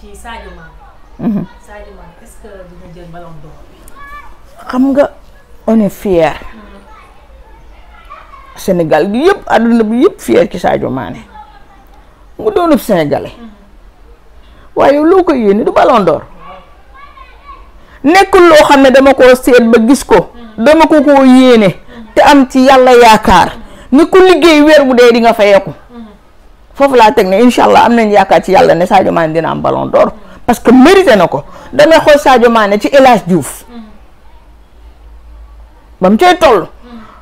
ci Sadio Mané. Mhm. xam nga on est fier. Mhm. Sénégal gi yëpp àdduna bi yëpp fier ci Sadio Mané mu doonub sénégalais mhm. waaye loo ko yéene du ballon d'or loo xam ne dama koo seet ba gis ko dama ko koo yéene te am ci yàlla yaakaar ni ku liggéey weer bu dee di nga fayeeku foofu laa teg ne incha allah am nañ yaakaar ci yàlla ne Sadio Mané dina am ballon door parce que mérité na ko damay xool saajo maane ci El Hadj Diouf ba mu cay toll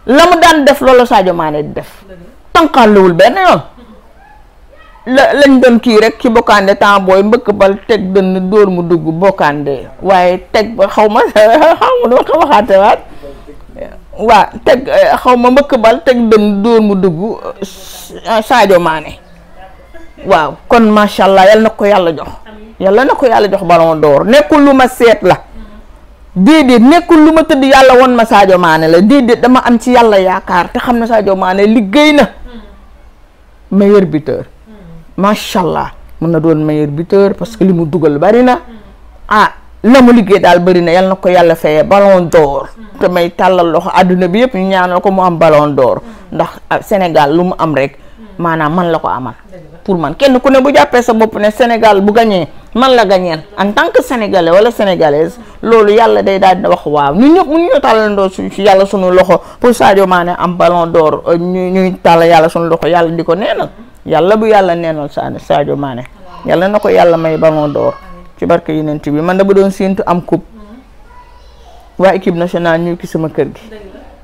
la mu daan def loolu Sadio maane di def tànqaarluwul benn yoon la lañ doon kii rek ki bokkaande temps booy mbëkk bal teg dënn dóor mu dugg bokkaande waaye teg xaw ma xaw ma dama ko waxaate waa teg eh, xaw ma mbëkk bal teg dënn dóor mu dugg eh, Sadio maane waaw kon macha allah yal nag ko yàlla jox. yàlla nag ko yàlla jox ballon d'or nekkul lu ma seet la. Mm-hmm. déedéet nekkul lu ma tëdd yàlla woon ma Sadio Mané la déedéet dama am ci yàlla yaakaar te xam ne Sadio Mané liggéey na. Mm-hmm. meilleur buteur. Mm-hmm. macha allah mun na doon meilleur buteur parce que li mu dugal bari na. ah la mu liggéey daal bari na yàlla na ko yàlla fayee ballon d'or. te may tàllal loxo àdduna bi yëpp ñaanoo ko mu am ballon door ndax ah, Sénégal lu mu am rek. maanaam man la ko amal. pour man kenn ku ne bu jàppee sa bopp ne Sénégal bu gañee man la gañeel en tant que sénégalais wala sénégalaise loolu yàlla day daal di wax waaw ñun ñëpp mun ñu tàllandoo su yàlla sunu loxo pour Sadio maane am ballon d'or euh, ñu ñuy tàll yàlla sunu loxo yàlla di ko neenal yàlla bu yàlla neenal Sadio maane yàlla na ko yàlla may ballon door ci barke yeneen bi man da ba doon séentu am coupe waa équipe nationale ñu ki sama kër gi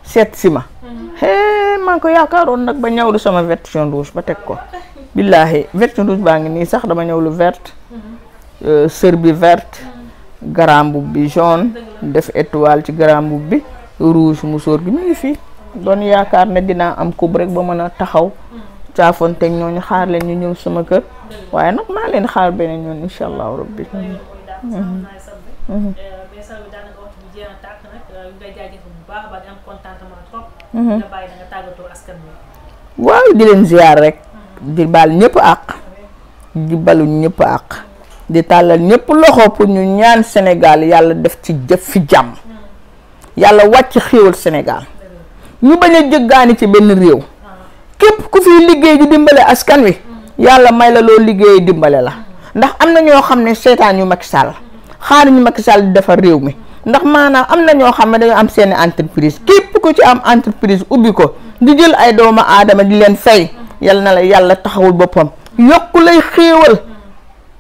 seet si ma mm-hmm. hee maa ngi nag ba ñawlu sama version rouge ba teg ko billaahi vert rouge baa ngi nii sax dama ñëw lu verte euh, sër bi verte garam bi jaune def étoile ci garam bi rouge musóor gi mu ngi fii doon yaakaar ne dinaa am kub rek ba mën a taxaw caafonteeg ñooñu xaar leen ñu ñëw sama kër waaye nag maa leen xaar beneen yoon incha allahu rabbi waaw di leen ziar rek di baal ñëpp àq di balu ñëpp àq di tàllal ñëpp loxo pour ñu ñaan Sénégal yàlla def ci jëf fi jàmm yàlla wàcc xéewal Sénégal ñu bañ a jëggaani ci benn réew képp ku fi liggéey di dimbale askan wi yàlla may la loo liggéey dimbale la ndax am na ñoo xam ne seetaan ñu Macky Sall xaar ñu Macky Sall di defar réew mi ndax maanaam am na ñoo xam ne dañoo am seeni entreprise képp ko ci am entreprise ubbi ko di jël ay doomu aadama di leen fay yal na la yàlla taxawul boppam yokk lay xéewal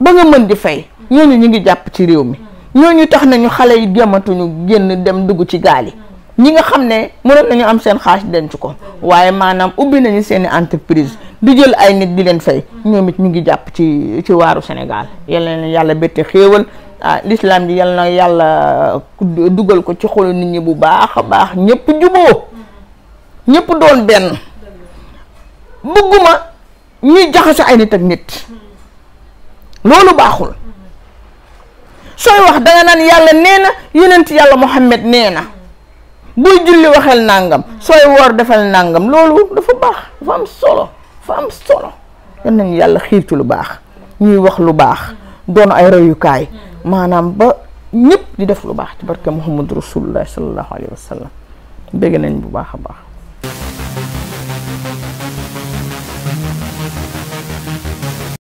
ba nga mën di fay ñooñu ñu ngi jàpp ci réew mi ñooñu tax nañu xale yi gémmatuñu génn dem dugg ci gaal yi ñi nga xam ne mënoon nañu am seen xaalis denc ko waaye maanaam ubbi nañu seeni entreprise di jël ay nit di leen fay ñoom it ñu ngi jàpp ci ci waaru Sénégal yal na yàlla bette xéewal ah lislaam ji yal na yàlla dugal ko ci xolu nit ñi bu baax a baax ñëpp juboo ñëpp doon benn bëgguma ñuy jaxase ay nit ak nit loolu baaxul sooy wax danga naan yàlla nee na yonent yàlla Muhammad nee na buy julli waxel nàngam sooy woor defal nàngam loolu dafa baax dafa am solo dafa am solo yal nañu yàlla xiir ci lu baax ñuy wax lu baax doon ay royukaay maanaam ba ñëpp di def lu baax ci barke Muhammad rasulullah sallallahu alayhi wa sallam dégg nañ bu baax a baax